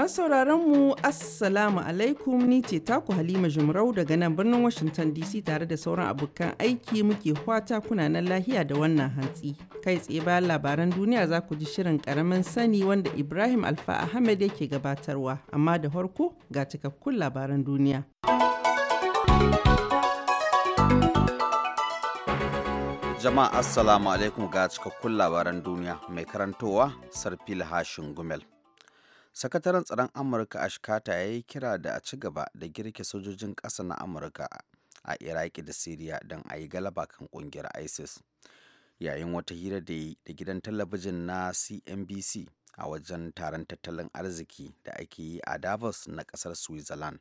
Masu sauraron mu Assalamu alaikum ni ce taku Halima Jumrau daga nan birnin Washington DC tare da sauran abokan aiki muke kwata kuna nan lahiya da wannan hantsi. Kai tsaye bayan labaran duniya za ku ji shirin karamin sani wanda Ibrahim Alfa Ahmed yake gabatarwa amma da farko ga cikakkun labaran duniya. Jama'a Assalamu alaikum ga cikakkun labaran duniya mai karantowa Sarfil Hashin Gumel. sakataren tsaron amurka a ya yi kira da a ci gaba da girke sojojin ƙasa na amurka a iraki da siriya don a yi galaba kan ƙungiyar isis yayin wata hira da yi da gidan talabijin na cnbc a wajen taron tattalin arziki da ake yi a davos na ƙasar switzerland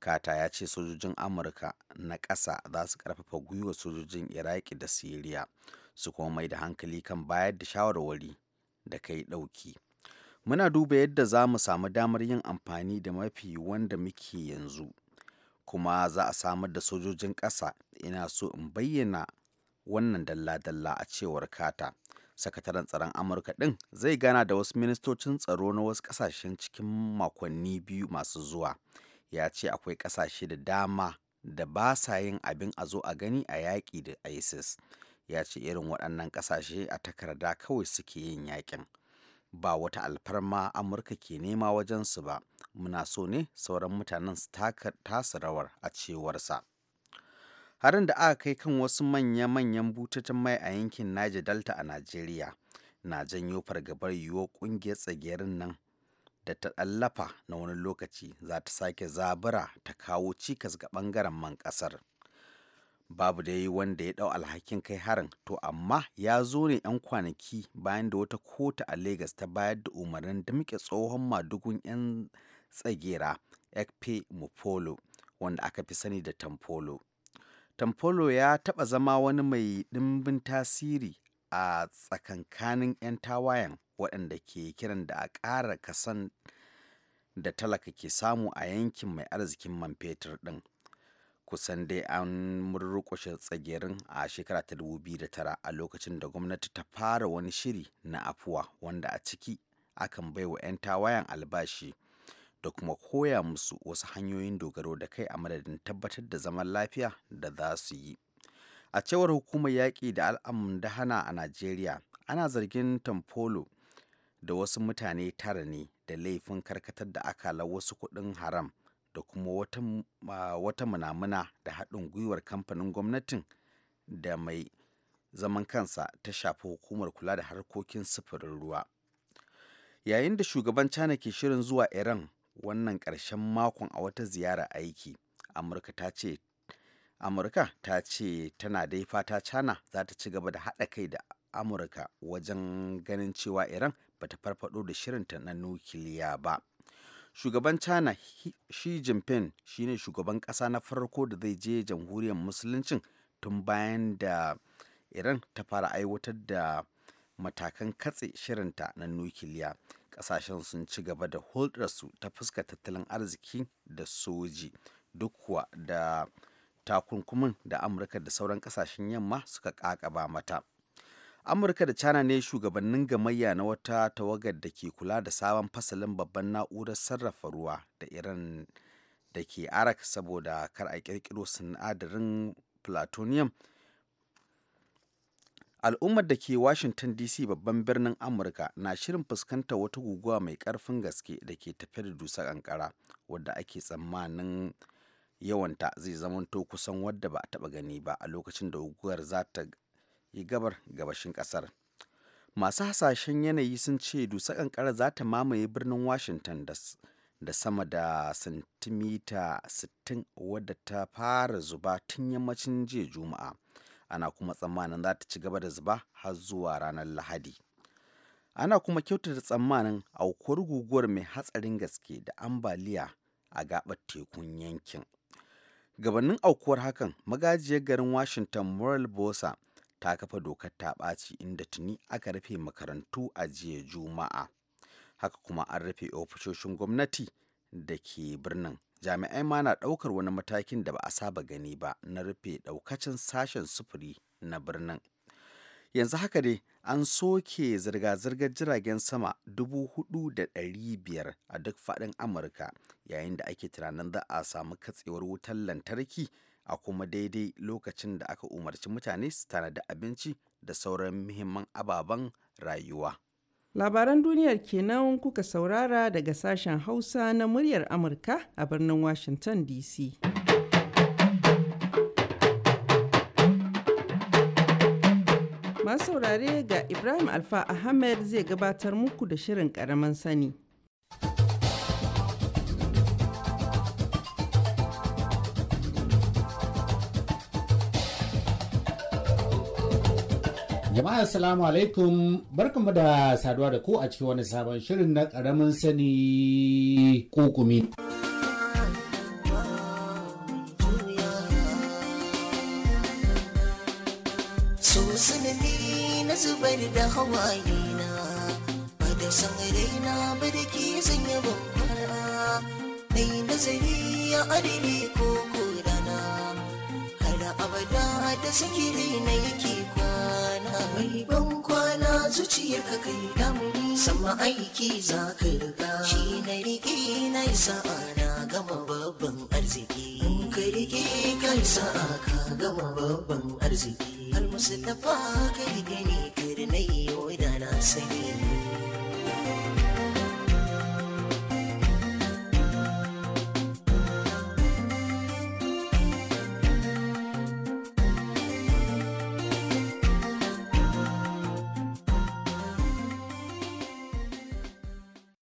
kata ya ce sojojin amurka na ƙasa za su ƙarfafa gwiwa sojojin iraki da siriya su kuma mai da hankali kan bayar da shawarwari da kai ɗauki Muna duba yadda za mu samu damar yin amfani da mafi wanda muke yanzu, kuma za a samar da sojojin ƙasa ina so in bayyana wannan dalla-dalla a cewar kata. Sakataren tsaron Amurka ɗin zai gana da wasu ministocin tsaro na wasu ƙasashen cikin makonni biyu masu zuwa. Ya ce akwai ƙasashe da dama da ba sa yin abin a zo a gani a yaƙi da ISIS. Ya ce irin waɗannan ƙasashe a takarda kawai suke yin yaƙin. ba wata alfarma amurka ke nema wajen su ba muna so ne sauran mutanen su tasa rawar a cewarsa harin da aka kai kan wasu manya-manyan bututun mai a yankin niger delta a najeriya na janyo fargabar yiwuwar kungiyar tsagerin nan da ta tsallafa na wani lokaci za ta sake zabura ta kawo cikas ga ɓangaren man ƙasar. babu da dai wanda ya dau alhakin kai harin to amma ya zo ne 'yan kwanaki bayan da wata kota a Legas ta bayar da umarnin da muke tsohon madugun 'yan tsagera ekpe mupolo wanda aka fi sani da tampolo tampolo ya taba zama wani mai dimbin tasiri a tsakankanin 'yan tawayen waɗanda ke kiran da a ƙara kasan da talaka ke samu a yankin mai arzikin man fetur ɗin kusan dai an murrukushe tsagerin a shekara ta dubu biyu da tara a lokacin da gwamnati ta fara wani shiri na afuwa wanda a ciki akan bai wa 'yan tawayan albashi da kuma koya musu wasu hanyoyin dogaro da kai a madadin tabbatar da zaman lafiya da za su yi a cewar hukumar yaƙi da al'amun dahana a najeriya ana zargin tamfolo da wasu mutane tara ne da laifin karkatar da akalar wasu kuɗin haram da kuma wata, munamuna da haɗin gwiwar kamfanin gwamnatin da mai zaman kansa ta shafi hukumar kula da harkokin sufurin ruwa yayin da shugaban china ke shirin zuwa iran wannan ƙarshen makon a wata ziyara aiki amurka ta ce amurka ta ce tana dai fata china za ta ci gaba da haɗa kai da amurka wajen ganin cewa iran bata farfado da shirinta na nukiliya ba shugaban china shi jinping shine shugaban ƙasa na farko da zai je jamhuriyar musuluncin tun bayan da iran ta fara aiwatar da matakan katse shirinta na nukiliya kasashen sun ci gaba da hulɗarsu ta fuska tattalin arziki da soji duk kuwa da takunkumin da amurka da sauran kasashen yamma suka ƙaƙaba mata amurka da china ne shugabannin gamayya na wata tawagar da ke kula da sabon fasalin babban na'urar sarrafa ruwa da iran da ke arak saboda kar a kirkiro sinadarin plutonium al'ummar da ke washington dc babban birnin amurka na shirin fuskanta wata guguwa mai karfin gaske da ke tafe da dusa kankara wadda ake tsammanin yawanta zai zamanto kusan wadda ba a taba gani ba a lokacin da guguwar za ta yi gabar gabashin kasar masu hasashen yanayi sun ce dusa kankara za ta mamaye birnin washington da sama da santimita 60 wadda ta fara zuba tun yammacin jiya juma'a ana kuma tsammanin za ta ci gaba da zuba har zuwa ranar lahadi ana kuma kyautata tsammanin aukuwar guguwar mai hatsarin gaske da ambaliya a gabar tekun yankin gabanin aukuwar hakan magajiyar garin washington moral bosa ta kafa dokar ta ɓaci inda tuni aka rufe makarantu a jiya juma'a haka kuma an rufe ofisoshin gwamnati da ke birnin jami'ai ma na ɗaukar wani matakin da ba a saba gani ba na rufe ɗaukacin sashen sufuri na birnin yanzu haka dai an soke zirga-zirgar jiragen sama 4,500 a duk faɗin amurka yayin da ake tunanin za a samu katsewar wutar lantarki a kuma daidai lokacin da aka umarci mutane su tanada abinci da sauran muhimman ababen rayuwa. Labaran duniyar kenan kuka saurara daga sashen Hausa na muryar Amurka a birnin Washington DC. Masu saurare ga Ibrahim Alfa Ahmed zai gabatar muku da shirin ƙaramin sani. Jama'a salamu alaikum barkanmu da saduwa da ku a cikin wani sabon shirin na karamin sani kukumi. So na zubar da hawayena ba da san raina ba da ke zanya babbara. Nai nazari ya adini abada da sakiri na yake kwana mai ban kwana zuciyar ka kai damuni sama aiki za ka riga shi na rike na sa'a na gama babban arziki in ka rike ka sa'a ka gama babban arziki har musu tafa ka rike ne kar na yi da na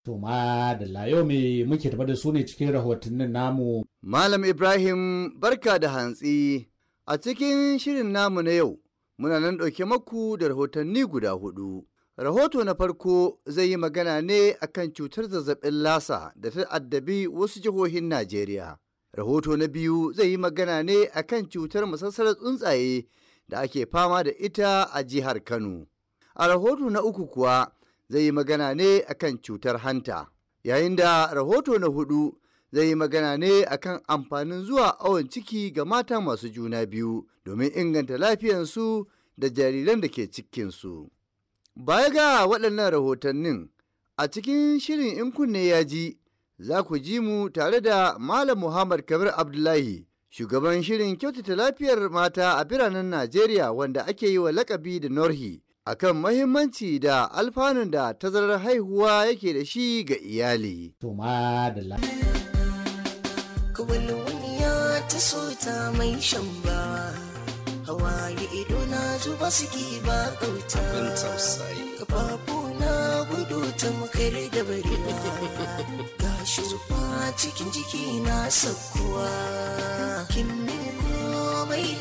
To da yau me muke tafa da su ne cikin rahotannin namu. Malam Ibrahim barka da hantsi a cikin shirin namu na yau muna nan ɗauke maku da rahotanni guda hudu. Rahoto na farko zai yi magana ne akan cutar zazzabin lasa da ta addabi wasu jihohin Najeriya. Rahoto na biyu zai yi magana ne akan cutar masassarar tsuntsaye da ake fama da ita a jihar Kano. A rahoto na uku kuwa zai yi magana ne akan cutar hanta. Yayin da rahoto na hudu zai yi magana ne akan amfanin zuwa awon ciki ga mata masu juna biyu domin inganta lafiyansu da jariran da ke cikinsu. Baya ga waɗannan rahotannin a cikin shirin in kunne ya ji za ku ji mu tare da Malam Muhammad Kabir Abdullahi shugaban shirin kyautata lafiyar mata a biranen Najeriya wanda ake yi wa lakabi da Norhi. akan mahimmanci da alfanun da tazarar haihuwa yake da shi ga iyali. Kawalwaniya ya so ta mai hawaye ido na zuba suke ba kauta. Abin tausayi. na gudu ta makar da barewa, ga shi zuba cikin jiki na sakkuwa. Kin min mai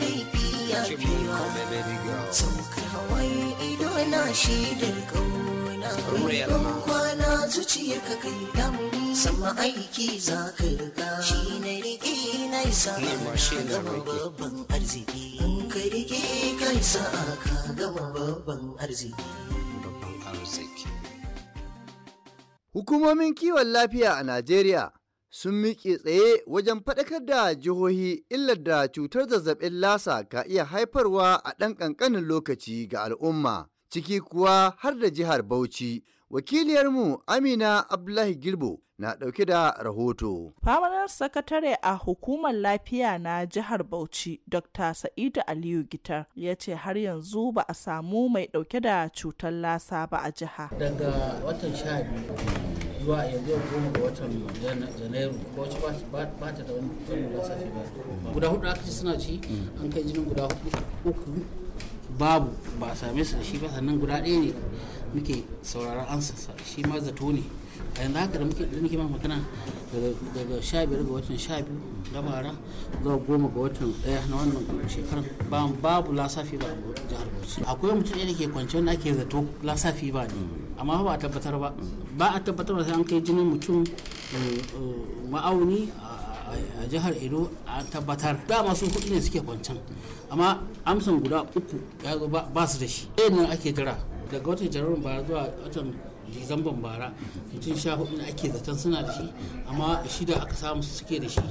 laifi ido na shaidar kauna ban kwana zuciyar ka kai damuni sama aiki za ka riga shi na rike na isa ka gama babban arziki in ka rike ka isa ka gama babban arziki Hukumomin kiwon lafiya a Najeriya sun miƙe tsaye wajen faɗakar da jihohi illar da cutar zazzabin lasa ka iya haifarwa a ɗan ƙanƙanin lokaci ga al'umma ciki kuwa har da jihar Bauchi. Wakiliyarmu Amina Abdullahi gilbo na ɗauke da rahoto. Famanar sakatare a hukumar lafiya na jihar Bauchi, Dr. Sa'idu Aliyu Gitar, ya ce har yanzu ba a samu mai ɗauke da cutar lasa ba a jiha. Daga watan sha zuwa yanzu yau goma ga watan janairu ko wacce ba ta da wani kwallon da safi ba guda hudu aka ci suna ci mm. an kai jinin guda uku babu ba a same su da shi ba sannan guda ɗaya ne muke sauraron ansa shi ma zato ne a yanzu haka da muke da ma magana daga sha biyar ga watan sha biyu na bara zuwa goma ga watan ɗaya na wannan shekarar ba babu lasafi ba a jihar bauchi akwai mutum yadda da ke kwanciyar na ake zato lasafi ba ne amma ba a tabbatar ba ba a tabbatar ba sai an kai jinin mutum eh, ma'auni a jihar edo a tabbatar dama su hudu ne suke kwancan amma amsan guda uku ba su da shi ɗaya ake jira daga watan jarumin ba zuwa watan dizamban bara mutum sha hudu ake zaton suna da shi amma shida aka samu su suke da shi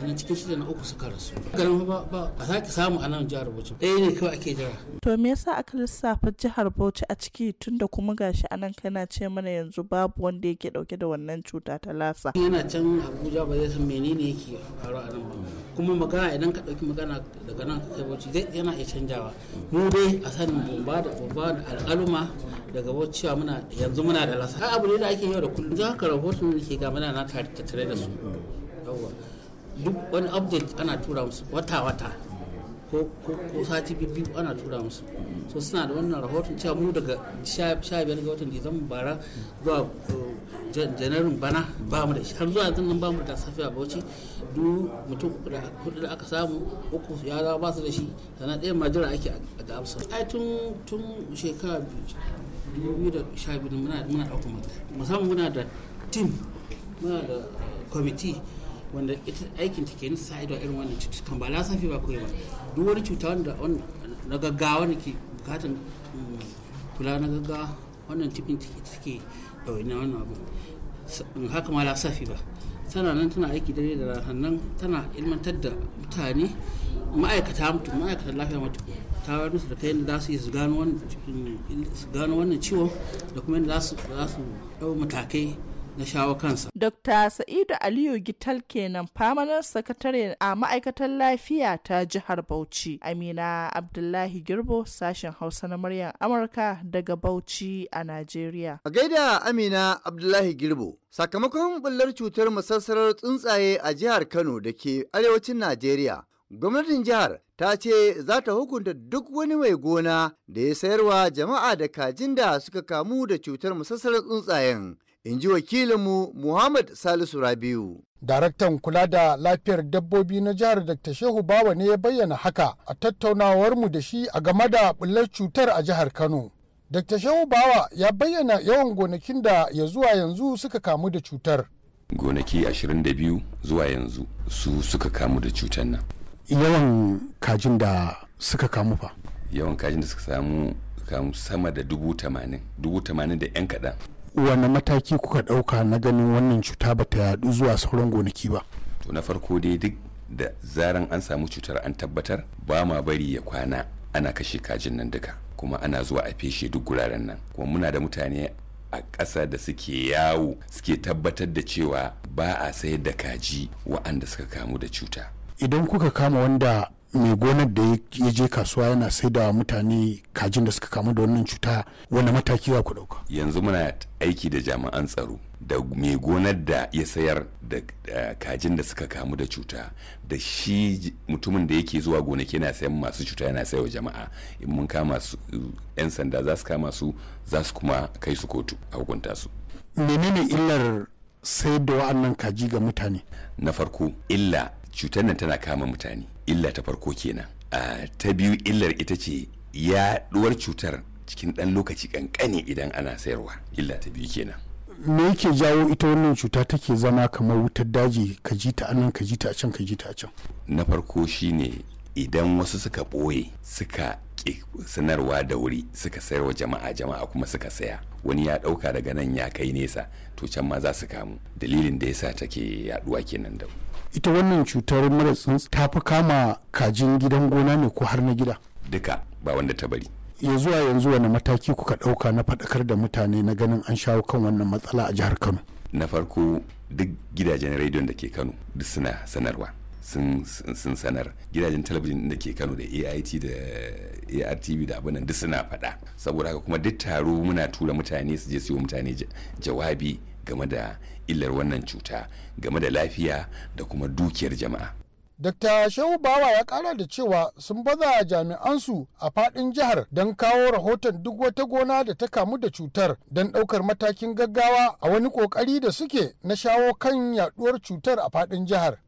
sannan cikin shida na uku suka rasu garin ba ba a sake samu a nan jihar bauchi ɗaya ne kawai ake jira to me yasa aka lissafa jihar bauchi a ciki tunda kuma gashi a nan kana ce mana yanzu babu wanda yake dauke da wannan cuta ta lasa yana can abuja ba zai san menene yake faru a nan ba kuma magana idan ka dauki magana daga nan kai bauchi zai yana iya canjawa mu dai a sanin bomba da bomba da al'aluma daga cewa muna yanzu muna da lasa abu ne da ake yau da kullum za ka rahoton da ke ga muna na tattare da su yawa duk wani update ana tura musu wata-wata ko sati biyu ana tura musu so suna da wannan rahoton cewa mu daga sha biyar ga watan disamba bara zuwa uh, janarin bana ba mu da shi har zuwa yanzu nan ba mu da safiya bauchi duk mutum kudu da aka samu uku ya ba su da shi sannan ɗaya majira ake da amsa ai tun shekara biyu 2012 muna muna ɗaukar mataki musamman muna da team muna da kwamiti eh, wanda ita aikin ta kenan sa ido irin wannan cututtukan ba lasafi ba kawai ba duk wani cuta wanda na gaggawa ne ke bukatan mm, kula na gaggawa wannan tipin take ɗauki na wannan abu haka ma lasafi ba tana nan tana aiki dare da ranar nan tana ilmantar da mutane ma'aikata mutum ma'aikatan lafiya mutum kawar musu da kai yadda za su yi su gano wannan ciwon da kuma yadda za su ɗau matakai na shawo kansa. Dr. Sa'idu Aliyu Gital kenan famanar sakatare a ma'aikatar lafiya ta jihar Bauchi. Amina Abdullahi Girbo sashen Hausa na muryar Amurka daga Bauchi a Najeriya. A gaida Amina Abdullahi Girbo. Sakamakon bullar cutar masassarar tsuntsaye a jihar Kano da ke arewacin Najeriya, Gwamnatin jihar ta ce za ta hukunta duk wani mai gona da ya sayarwa jama'a da kajin da suka kamu da cutar musassarar tsuntsayen. in ji wakilinmu Muhammad Salisu Rabiu. Daraktan kula da lafiyar dabbobi na jihar Dr. Shehu Bawa ne ya bayyana haka a tattaunawarmu da shi a game da bullar cutar a jihar Kano. Dr. Shehu Bawa ya bayyana yawan gonakin da ya zuwa yanzu suka kamu da cutar. Gonaki 22 zuwa yanzu su suka kamu da cutar nan. yawan kajin da suka kamu fa yawan kajin da suka samu kamu sama da dubu tamanin dubu tamanin da yan kaɗan wani mataki kuka ɗauka na ganin wannan cuta ba ta yaɗu zuwa sauran gonaki ba to na farko dai duk da zaran an samu cutar an tabbatar ba ma bari ya kwana ana kashe kajin nan duka kuma ana zuwa a feshe duk guraren nan kuma muna da mutane a ƙasa da suke yawo suke tabbatar da cewa ba a sayar da kaji wa'anda suka kamu da cuta idan kuka kama wanda mai gonar da ya je kasuwa yana sai da mutane kajin da suka kamu da wannan cuta wani mataki za ku dauka yanzu muna aiki da jami'an tsaro da mai gonar da ya sayar da kajin da suka kamu da cuta da shi mutumin da yake zuwa gonaki yana sayan masu cuta yana sayarwa jama'a in mun kama su yan sanda za su kama su za su kuma kai su kotu a hukunta su menene illar sayar da wa'annan kaji ga mutane na farko illa cutar nan tana kama mutane illa ta farko kenan a ta biyu illar ita ce yaɗuwar cutar cikin ɗan lokaci kankane idan ana sayarwa illa ta biyu kenan me yake jawo ita wannan cuta take zama kamar wutar daji ka ji ta anan ka ji ta a can ka ji ta a can na farko shine idan wasu suka ɓoye suka sanarwa da wuri suka sayarwa jama'a jama'a kuma suka saya wani ya ɗauka daga nan ya kai nesa to can ma za su kamu dalilin da yasa take yaduwa kenan da ita wannan cutar mara tsuntsu ta fi kama kajin gidan gona ne ko har na gida duka ba wanda ta bari ya zuwa yanzu wani mataki kuka ɗauka na faɗakar da mutane na ganin an shawo kan wannan matsala a jihar kano na farko duk gidajen rediyon da ke kano duk suna sanarwa sun sanar gidajen talabijin da ke kano da ait da artv da abin duk suna faɗa saboda haka kuma duk taro muna tura mutane su je siyo mutane jawabi game da illar wannan cuta game da lafiya da kuma dukiyar jama'a Dr. Shehu Bawa ya kara da cewa sun baza jami'ansu a fadin jihar don kawo rahoton duk wata gona da ta kamu da cutar don ɗaukar matakin gaggawa a wani ƙoƙari da suke na shawo kan yaduwar cutar a fadin jihar.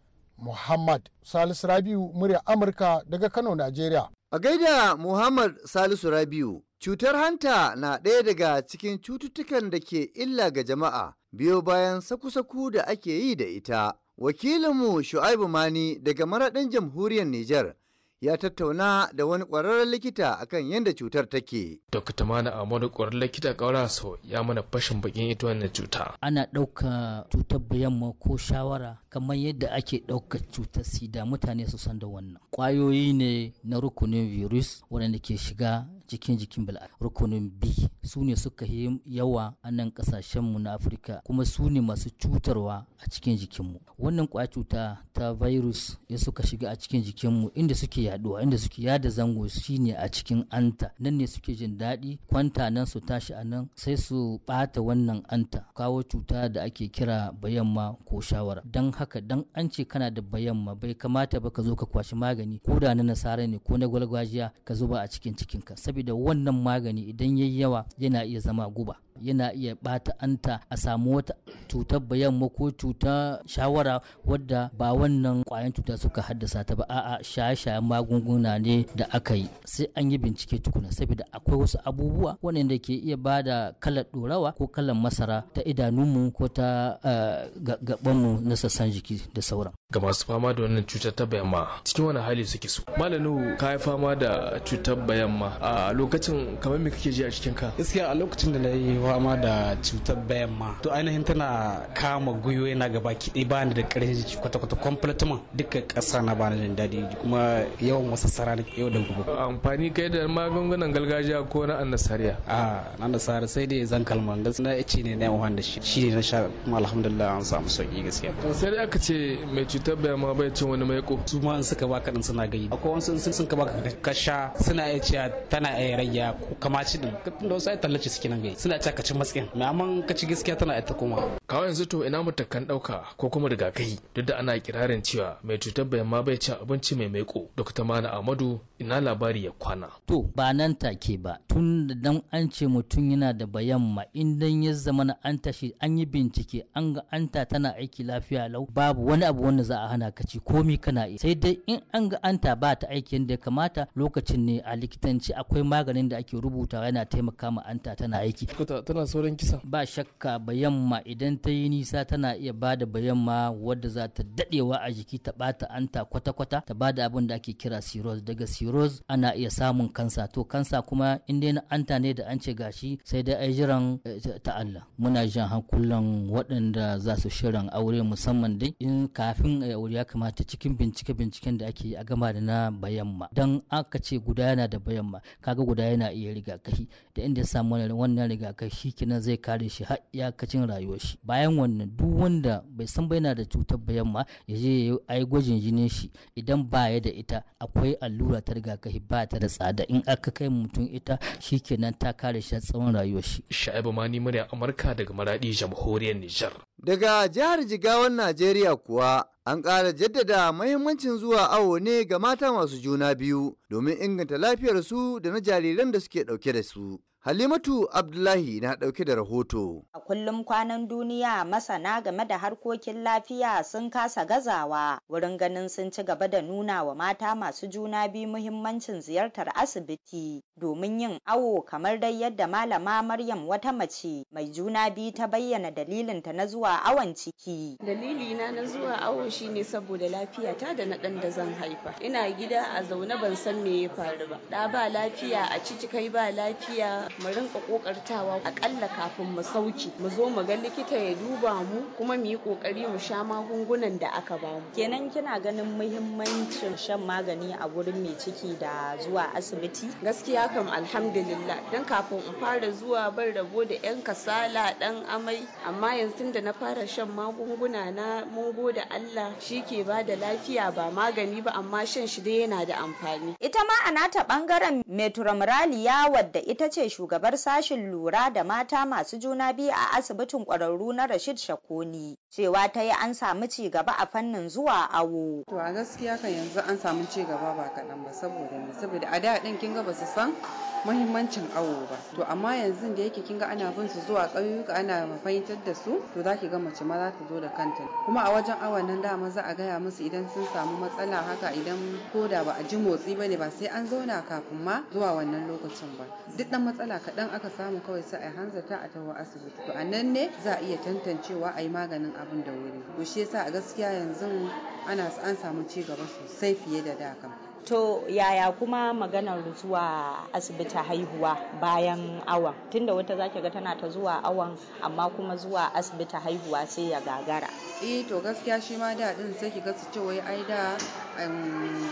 Muhammad Salisu Rabiu murya Amurka daga Kano, Najeriya. A gaida Muhammad Salisu Rabiu, cutar hanta na ɗaya daga cikin cututtukan da ke illa ga jama'a biyo bayan saku-saku da ake yi da ita. Wakilinmu Shu'aibu Mani daga maraɗin jamhuriyar Nijar ya tattauna da wani ƙwararren likita akan yadda cutar take. Dokta Mana Amadu ƙwararren likita ƙaura so ya mana fashin bakin ita wannan cuta. Ana ɗauka cutar bayamma ko shawara kamar yadda ake ɗauka cutar sida mutane su san da wannan. Ƙwayoyi ne na rukunin virus waɗanda ke shiga cikin jikin bil'adama rukunin b su ne suka yi yawa a nan kasashenmu na afirka kuma su ne masu cutarwa a cikin jikinmu wannan kwa cuta ta virus ya suka shiga a cikin jikinmu inda suke yaduwa inda suke yada zango shi ne a cikin anta nan ne suke jin daɗi kwanta nan su tashi a nan sai su ɓata wannan anta kawo cuta da ake kira bayamma ko shawara don haka don an ce kana da bayamma bai kamata ba ka zo ka kwashi magani ko da na nasara ne ko na gwalgwajiya ka zuba a cikin cikinka saboda da wannan magani idan yayi yawa yana iya zama guba yana iya bata anta a samu wata cutar bayan ko cuta shawara wadda ba wannan kwayan cuta suka haddasa ta ba a'a shaye-shayen magunguna ne da aka yi sai an yi bincike tukuna saboda akwai wasu abubuwa wanda ke iya bada kalar dorawa ko kalar masara ta idanunmu ko ta eh, gabanmu na sassan jiki da sauran ga masu fama da wannan cutar ta ma cikin wani hali suke su malamin ka yi fama da cutar ma. a lokacin kamar me kake ji a cikin ka gaskiya a lokacin da na yi fama da cutar bayan ma to ainihin tana kama gwiwoyi na gaba kiɗi ba ni da ƙarfin jiki kwata-kwata kwamfletuma duka ƙasa na ba jin daɗi kuma yawan wasu sara na yau da gobe. amfani kai da magungunan gargajiya ko na annasariya. a na annasariya sai dai zan kalma gaskiya na ce ne na yawan da shi shi ne na sha kuma alhamdulillah an samu sauki gaskiya. sai dai aka ce mai cutar bayan ma bai cin wani mai su ma in suka baka din suna gayi akwai wasu sun ka baka ka sha suna iya cewa tana iya ko kamaci din da wasu ai tallace suke nan gayi suna kamata ka ci matsin mai ka ci gaskiya tana ita koma kawo yanzu to ina kan ɗauka ko kuma daga kai duk da ana kirarin cewa mai cutar bayan ma bai ci abinci mai maiko dokta mana amadu ina labari ya kwana to ba nan take ba tun da dan an ce mutum yana da bayan ma in dan ya zama na an tashi an yi bincike an ga an ta tana aiki lafiya lau babu wani abu wanda za a hana ka ci komi kana iya sai dai in an ga an ta ba ta aiki yadda ya kamata lokacin ne a likitanci akwai maganin da ake rubutawa yana taimaka ma an ta tana aiki tana sauran kisa ba shakka bayamma idan ta yi nisa tana iya bada da bayamma wadda za ta dadewa a jiki ta bata anta kwata-kwata ta ba da abin da ake kira cirrhosis daga cirrhosis ana iya samun kansa to kansa kuma in dai anta ne da an ce gashi sai dai ai jiran eh, ta Allah muna jan hankulan waɗanda za su shirin aure musamman dai in kafin a aure ya kamata cikin bincike binciken da ake yi a gama da na bayamma dan aka ce guda yana da bayamma kaga guda yana iya rigakafi da inda ya samu wannan rigakafi shi kenan zai kare shi har iyakacin rayuwar shi bayan wannan duk wanda bai san ba yana da cutar bayan yamma ya je ya ai gwajin jinin shi idan ba ya da ita akwai allura ta rigakafi ba ta da tsada in aka kai mutum ita shi kenan ta kare shi tsawon rayuwar shi sha'ibu mani murya amurka daga maradi jamhuriyar nijar daga jihar jigawan najeriya kuwa an ƙara jaddada mahimmancin zuwa awo ne ga mata masu juna biyu domin inganta lafiyarsu da na jariran da suke ɗauke da su. Halimatu Abdullahi na ɗauke da rahoto. A kullum kwanan duniya masana game da harkokin lafiya sun kasa gazawa wurin ganin sun ci gaba da nuna wa mata masu juna biyu muhimmancin ziyartar asibiti domin yin awo kamar dai yadda malama Maryam wata mace mai juna biyu ta bayyana dalilinta na zuwa awon ciki. Dalilina na zuwa awo shine saboda lafiyata da na ɗan da zan haifa. Ina gida a zaune ban san me ya faru ba. Ɗa ba lafiya a ciki kai ba lafiya mu rinka kokartawa akalla kafin mu sauke mu zo mu ga likita ya duba mu kuma mu yi kokari mu sha magungunan da aka ba mu kenan kina ganin muhimmancin shan magani a gurin mai ciki da zuwa asibiti gaskiya kam alhamdulillah dan kafin in fara zuwa ban rabo da yan kasala dan amai amma yanzu da na fara shan magunguna na mun gode Allah shi ke ba da lafiya ba magani ba amma shan shi dai yana da amfani ita ma a nata bangaren metro wadda ita ce shugabar sashin lura da mata masu juna biyu a asibitin ƙwararru na Rashid Shakoni cewa ta yi an samu ci gaba a fannin zuwa awo. To a gaskiya kan yanzu an samu ci ba kaɗan ba saboda me saboda a da ɗin kin ba su san muhimmancin awo ba to amma yanzu da yake kin ana bin su zuwa ƙauyuka ana fahimtar da su to za ki ga mace ma za ta zo da kanta kuma a wajen awon nan dama za a gaya musu idan sun samu matsala haka idan ko da ba a ji motsi ba ne ba sai an zauna kafin ma zuwa wannan lokacin ba duk ɗan matsala matsala kaɗan aka samu kawai sai a hanzarta a taho asibiti to a nan ne za a iya tantancewa a yi maganin abin da wuri to shi yasa a gaskiya yanzu ana an samu ci gaba sosai fiye da da kan To yaya kuma maganar zuwa asibiti haihuwa bayan awan tunda wata zaki ga tana ta zuwa awan amma kuma zuwa asibiti haihuwa sai ya gagara. Eh to gaskiya shi ma da din sai ki ga su ce wai ai da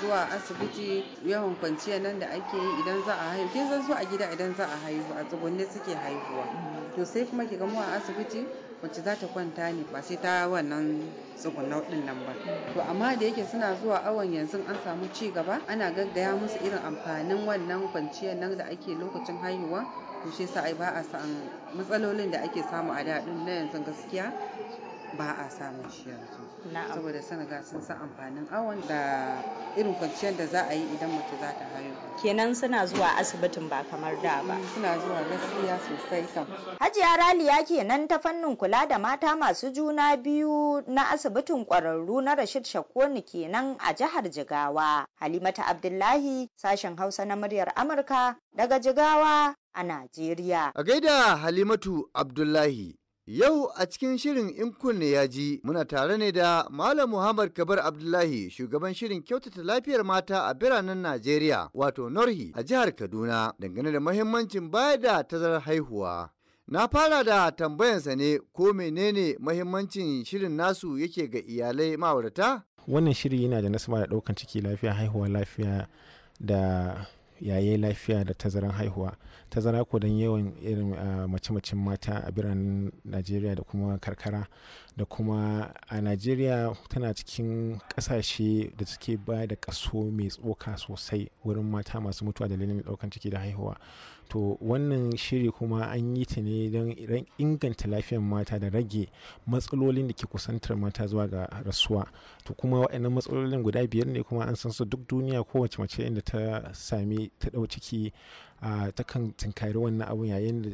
zuwa asibiti yawan kwanciya nan da ake yi idan za a haihu kin san su a gida idan za a haihu a tsugunne suke haihuwa to sai kuma ki ga mu a asibiti wacce za ta kwanta ne ba sai ta wannan tsugunau din nan ba to amma da yake suna zuwa awon yanzu an samu ci gaba ana gaggaya musu irin amfanin wannan kwanciyar nan da ake lokacin haihuwa to shi sa ai ba a san matsalolin da ake samu a daɗin na yanzu gaskiya ba a samun shi yanzu saboda sun riga sun san amfanin awon da irin kwanciyar da za a yi idan mace za ta haihu kenan suna zuwa asibitin ba kamar da ba mm, suna zuwa gaskiya sosai kam hajiya raliya kenan ta fannin kula da mata masu juna biyu na asibitin kwararru na rashid shakoni kenan a jihar jigawa halimata abdullahi sashen hausa na muryar amurka daga jigawa a najeriya a gaida halimatu abdullahi Yau a cikin shirin in kunne ya ji muna tare ne da Malam Muhammad kabar Abdullahi shugaban shirin kyautata lafiyar mata a biranen Najeriya wato Norhi a jihar Kaduna dangane da mahimmancin baya da tazarar haihuwa. Na fara da tambayansa ne ko menene mahimmancin shirin nasu yake ga iyalai ma'aurata? Wannan shiri yana da nasaba da ɗaukan ciki lafiya haihuwa lafiya da yayi lafiya da tazaran haihuwa tazara ko don yawan irin mace-macen mata a biranen najeriya da kuma karkara da kuma a najeriya tana cikin kasashe da suke ba da kaso mai tsoka sosai wurin mata masu mutuwa dalilin daukan ciki da haihuwa to wannan shiri kuma an yi ta ne don inganta lafiyar mata da rage matsalolin da ke kusantar mata zuwa ga rasuwa to kuma waɗannan matsalolin guda biyar ne kuma an san su duk duniya kowace mace inda ta sami ta ɗau ciki takan tunkari wannan abun yayin da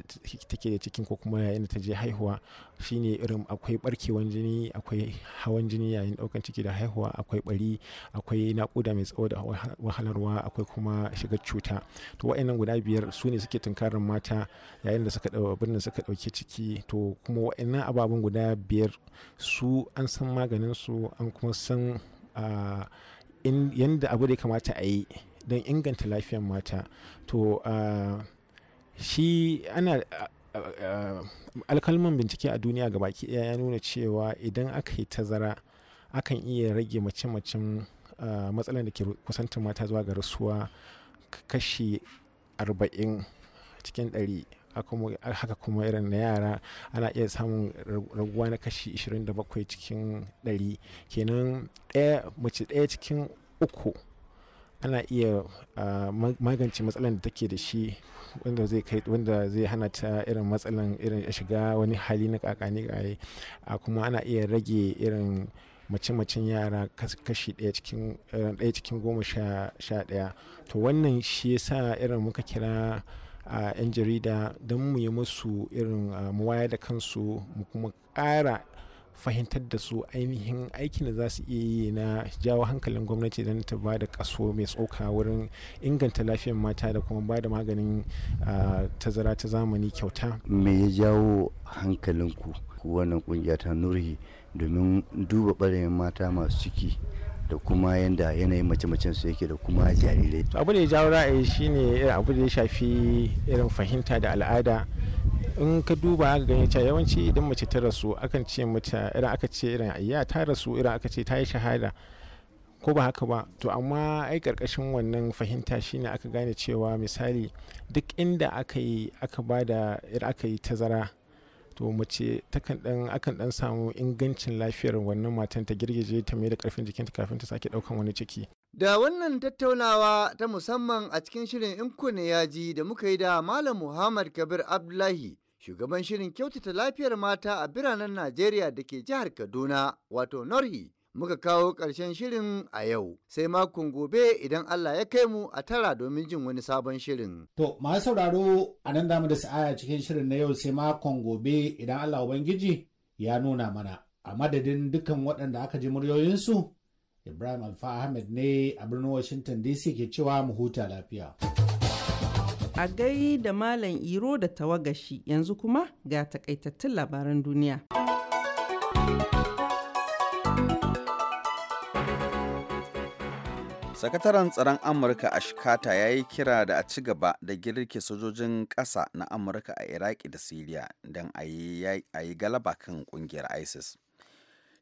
take da cikin ko kuma yayin da ta je haihuwa shine irin akwai barkewan jini akwai hawan jini yayin daukan ciki da haihuwa akwai bari akwai nakuda mai tsawo da wahalarwa akwai kuma shigar cuta to wa'annan guda biyar su ne suke tunkarin mata yayin da suka birnin suka dauke ciki to kuma wa'annan ababen guda biyar su an san maganin su an kuma san yanda abu da ya kamata a yi don inganta lafiyar mata to shi ana alkalman bincike a duniya ga baki ɗaya ya nuna cewa idan aka yi tazara akan iya rage mace-macen matsalar da ke kusantar mata zuwa ga rasuwa kashi arba'in cikin ɗari haka kuma irin na yara ana iya samun raguwa na kashi 27 cikin ɗari kenan mace ɗaya cikin uku ana iya magance matsalar da take da shi wanda zai hana ta irin matsalan irin shiga wani hali na kakani kaye kuma ana iya rage irin mace-macen yara kashi ɗaya cikin goma sha ɗaya to wannan shi yasa irin muka kira a 'yan jarida don mu yi musu irin mu waya da kansu mu kuma ƙara fahimtar da su ainihin aikin da za su iya yi na jawo hankalin gwamnati don ta ba da kaso mai tsoka wurin inganta lafiyar mata da kuma ba da maganin ah, tazara ta zamani kyauta me ya jawo hankalinku wannan kungiya ta nurhi domin duba ɓarayin mata masu ciki da kuma yadda yanayin mace-macen su yake da kuma jarirai abu da ya jawo ra'ayi shine irin abu da ya shafi irin fahimta da al'ada in ka duba ga ganin cewa yawanci idan mace ta rasu akan ce mata irin aka ce irin ayya ta rasu irin aka ce ta yi shahada ko ba haka ba to amma ai karkashin wannan fahimta shine aka gane cewa misali duk inda aka yi aka ba da aka yi tazara to mace takan dan akan dan samu ingancin lafiyar wannan matan ta girgije ta mai da karfin jikinta kafin ta sake daukan wani ciki da wannan tattaunawa ta musamman a cikin shirin in kunne ya ji da muka yi da malam muhammad kabir abdullahi shugaban shirin kyautata lafiyar mata a biranen najeriya da ke jihar kaduna wato norhi muka kawo karshen shirin a yau sai makon gobe idan Allah ya kai mu a tara domin jin wani sabon shirin. To masu sauraro a nan damu da sa'aya cikin shirin na yau sai makon gobe idan Allah Ubangiji ya nuna mana a madadin dukan waɗanda aka ji muryoyinsu Ibrahim Alfa Ahmed ne a birnin Washington DC ke cewa mu huta lafiya. A gai da Malam Iro da tawagashi yanzu kuma ga takaitattun labaran duniya. sakataren tsaron amurka a shikata ya yi kira da a ci gaba da girke sojojin ƙasa na amurka a iraki da siriya don a yi galaba kan kungiyar isis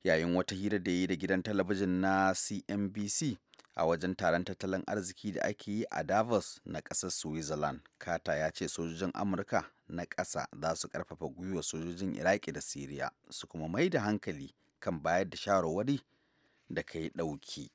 yayin wata hira da yi da gidan talabijin na cnbc a wajen taron tattalin arziki da ake yi a davos na ƙasar switzerland kata ya ce sojojin amurka na ƙasa za su ƙarfafa gwiwa sojojin iraki da siriya su kuma mai da hankali kan bayar da shawarwari da ka yi ɗauki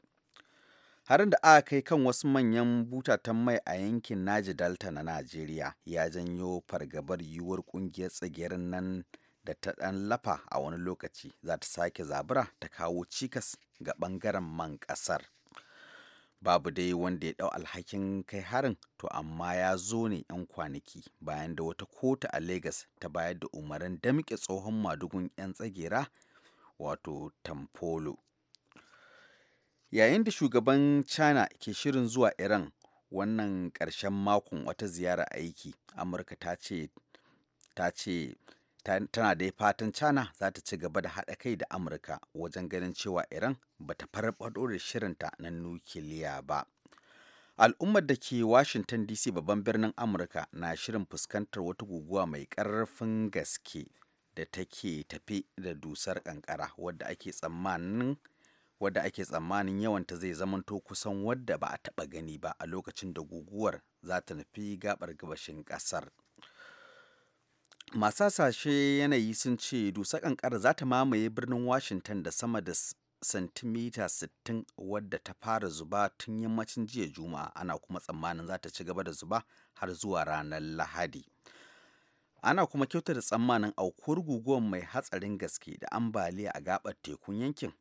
harin da aka kai kan wasu manyan butatan mai a yankin naji delta na najeriya ya janyo fargabar yiwuwar kungiyar tsagiyar nan da ta ɗan lafa a wani lokaci za ta sake zabura ta kawo cikas ga ɓangaren man ƙasar babu dai wanda ya ɗau alhakin kai harin to amma ya zo ne 'yan kwanaki bayan da wata kotu a Legas ta bayar da umarin damƙe tsohon madugun 'yan tsagera wato tampolo yayin da shugaban china ke shirin zuwa iran wannan ƙarshen makon wata ziyara aiki amurka ta ce ta ce tana da fatan china za ta ci gaba da haɗa kai da amurka wajen ganin cewa iran ba ta farfado da shirinta na nukiliya ba al'ummar da ke washington dc babban birnin amurka na shirin fuskantar wata guguwa mai ƙarfin gaske da take tafe da dusar ƙanƙara wadda ake tsammanin wadda ake tsammanin yawanta zai zamanto kusan wadda ba a taɓa gani ba a lokacin da guguwar za ta nufi gabar gabashin ƙasar. Masu hasashe yanayi sun ce dusa ƙanƙara za ta mamaye birnin Washington da sama da santimita 60 wadda ta fara zuba tun yammacin jiya juma'a ana kuma tsammanin za ta ci gaba da zuba har zuwa ranar lahadi ana kuma kyautata tsammanin aukuwar guguwar mai hatsarin gaske da ambaliya a gabar tekun yankin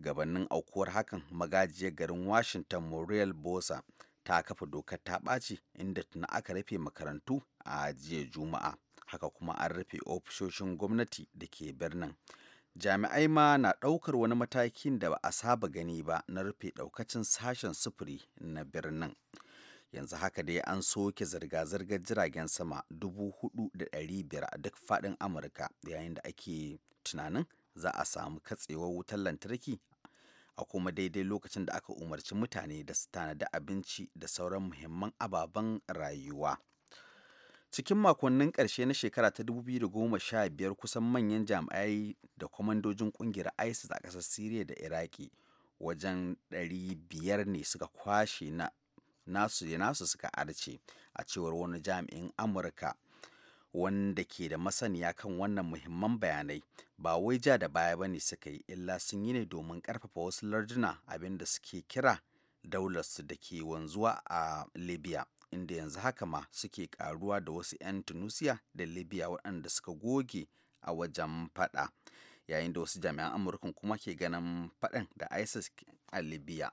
gabanin aukuwar hakan magajiyar garin washington muriel bosa ta kafa dokar ta ɓaci inda tuna aka rufe makarantu a jiya juma'a haka kuma an rufe ofishoshin gwamnati da ke birnin jami'ai ma na ɗaukar wani matakin da ba a saba gani ba na rufe ɗaukacin sashen sufuri na birnin yanzu haka dai an soke zirga-zirgar jiragen sama 4,500 a duk faɗin amurka yayin da ake tunanin za a samu katsewar wutar lantarki a kuma daidai lokacin da aka umarci mutane da su tanadi abinci da sauran muhimman ababen rayuwa. cikin makonnin ƙarshe na shekara ta 2015 kusan manyan jami'ai da kwamandojin ƙungiyar isis a ƙasar syria da iraki wajen 500 ne suka kwashe na nasu ya nasu suka arce a cewar wani jami'in amurka wanda ke da masaniya kan wannan muhimman bayanai ba wai ja da baya bane suka yi illa sun yi ne domin karfafa wasu larduna abin da suke kira daularsu da ke wanzuwa a libya inda yanzu haka ma suke karuwa da wasu 'yan tunisia da libya waɗanda suka goge a wajen fada yayin da wasu jami'an amurkan kuma ke ganin faɗan da isis a libya